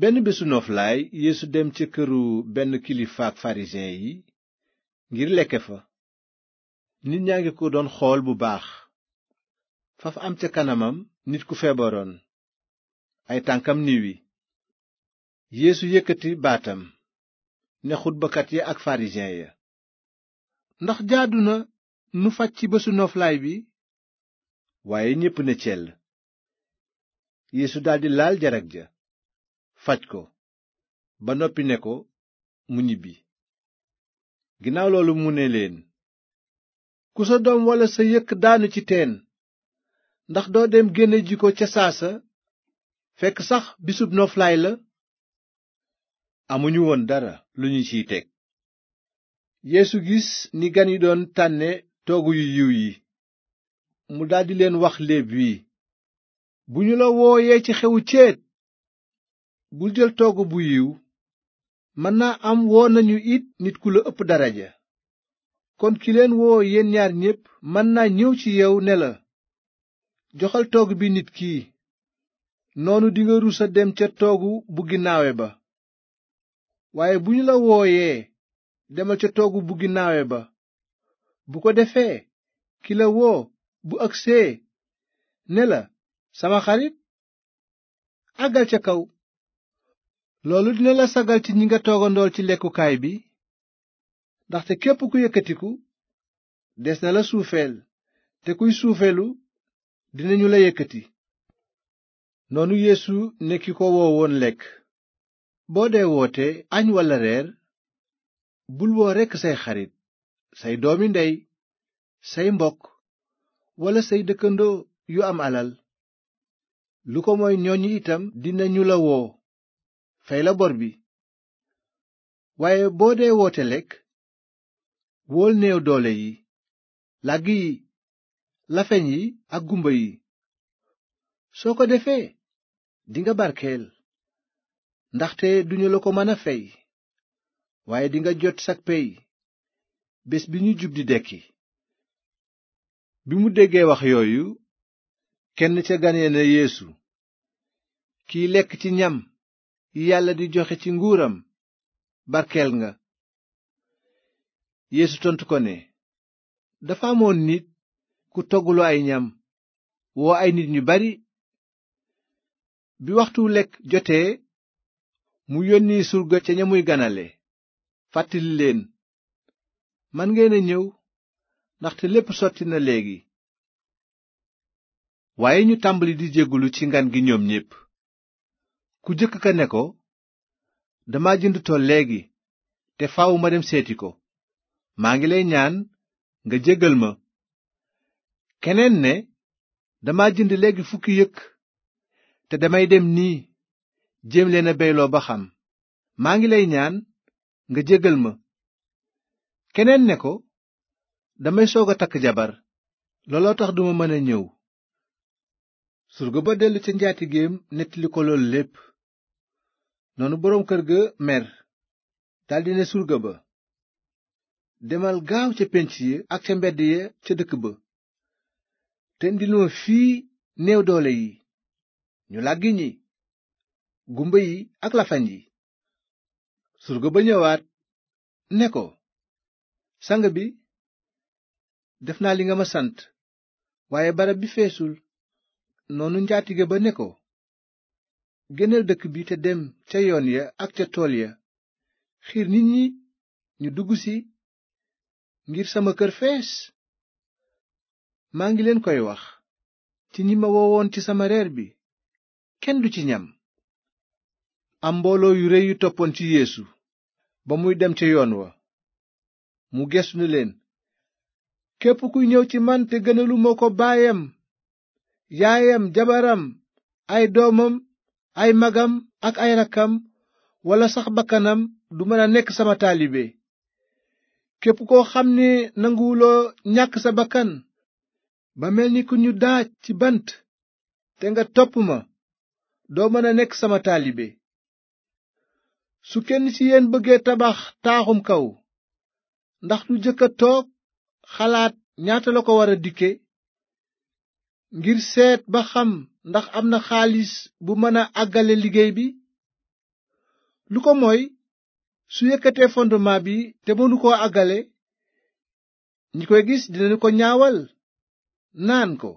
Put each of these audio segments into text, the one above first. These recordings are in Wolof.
benn bésu noflaay yéesu dem ca këru benn kilifaak farisiyen yi ngir lekke fa nit ñaa ngi ko doon xool bu baax faf am ca kanamam nit ku feebaroon ay tànkam niwi yéesu yëkkati baatam ne xutbakat ya ak farisiyen ya ndax jaadu na nu faj ci bésu noflaay bi waaye ñépp ne cell yéesu daldi laal jarak ja faj ko ba noppi ne ko mu ñibbi ginnaaw loolu mu ne leen ku sa doom walla sa yëkk daanu ci teen ndax doo dem génne ji ko ca saa sa fekk sax bisub noflaay la amuñu woon dara lu ñu ciy teg yeesu gis ni gan yi doon tànne toogu yu yiw yi mu daldi leen wax léeb wi bu ñu la wooyee ci xewu céet bul jël toogu bu yiw mën naa am woo nañu it nit ku la ëpp daraja kon ki leen woo yéen ñaar ñépp mën naa ñëw ci yow ne la joxal toog bi nit kii noonu dinga rusa dem ca toogu bu ginnaawe ba waaye bu ñu la wooyee demal ca toogu bu ginnaawe ba bu ko defee kila woo bu agsee ne la sama xarit àggal ca kaw loolu dina la sagal ci ñi nga toogandool ci lekkukaay bi ndaxte képp ku yëkkatiku des na la suufeel te kuy suufeelu dinañu la yëkkati noonu yéesu ne ki ko woo woon lekk boo dee woote añ walla reer bul woo rekk say xarit say doomi ndey say mbokk walla say dëkkandoo yu am alal lu ko mooy ñooñu itam dinañu la woo fay la bor bi waaye boo dee woote lekk wóol néew doole yi làgg yi lafeñ yi ak gumba yi soo ko defee dinga barkeel ndaxte duñu la ko mën a fey waaye dinga jot sak pey bés bi ñu jub di dekki bi mu déggee wax yooyu kenn ca gan ya ne kiy lekk ci ñam yi yàlla di joxe ci nguuram barkeel nga yeesu tontu ko ne dafa amoon nit ku togguloo ay ñam woo ay nit ñu bari bi waxtu lekk jotee mu yónni surga ca ña muy ganale fàttali leen man ngeen a ñëw ndaxte lépp sotti na léegi waaye ñu tàmbali di jégalu ci ngan gi ñoom ñépp ku jëkk ka ne ko dama jënd tool léegi te faaw dem seeti ko maa ngi lay ñaan nga jéggal ma keneen ne dama jënd léegi fukki yëkk te damay dem nii jéem leen a beyloo ba xam maa ngi lay ñaan nga jéggal ma keneen ne ko damay soog a takk jabar looloo tax duma mën a ñëw surga ba dellu ca njaatigeem nettali ko loolu lépp noonu boroom kër ga mer daldi ne surga ba demal gaaw ca pénc yi ak ca mbedd ya ca dëkk ba te indil ma fii néew doole yi ñu làggi ñi gumba yi ak lafañ yi surga ba ñëwaat ne ko sang bi def naa li nga ma sant waaye barab bi feesul noonu njaatige ba ne ko génneel dëkk bi te dem ca yoon ya ak ca tool ya xiir nit ñi ñu dugg si ngir sama kër fees maa ngi leen koy wax ci ñi ma woowoon ci sama reer bi kenn du ci ñam am mbooloo yu rëy yu toppoon ci yéesu ba muy dem ca yoon wa mu gestu ne leen képp ku ñëw ci man te gënalu ma ko baayam yaayam jabaram ay doomam ay magam ak ay rakkam walla sax bakkanam du mën a nekk sama taalibe képp koo xam ni nanguwuloo ñàkk sa bakkan ba mel ni ku ñu daaj ci bant te nga topp ma doo mën a nekk sama taalibe su kenn ci yéen bëggee tabax taaxum kaw ndax du jëkk a toog xalaat ñaata la ko war a dikke ngir seet ba xam ndax am na xaalis bu mën a àggale liggéey bi lu ko mooy su yëkkatee fondement bi te mënu koo àggale ñi koy gis dinañu ko ñaawal naan ko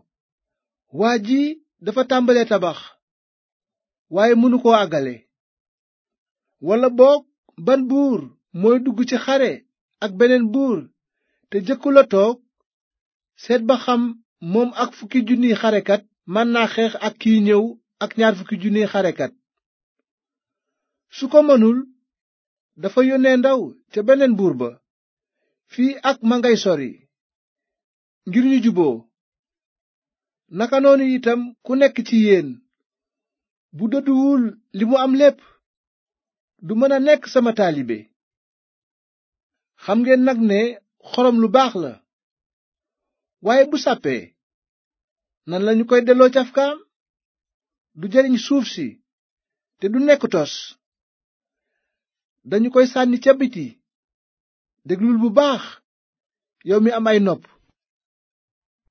waa ji dafa tàmbalee tabax waaye mënu koo àggale walla boog ban buur mooy dugg ci xare ak beneen buur te jëkkula toog seet ba xam moom ak fukki junniy xarekat mën na xeex ak kiy ñëw ak ñaar fukki xarekat su ko mënul dafa yónnee ndaw ca beneen buur ba fii ak ma ngay sori ngir ñu juboo naka noonu itam ku nekk ci yéen bu dëdduwul li mu am lépp du mën a nekk sama taalibe xam ngeen nag ne xorom lu baax la waaye bu sàppee nan lañu koy delloo cafkaam du jariñ suuf si te du nekk tos dañu koy sànni ca biti déglul bu baax yow mi am ay nopp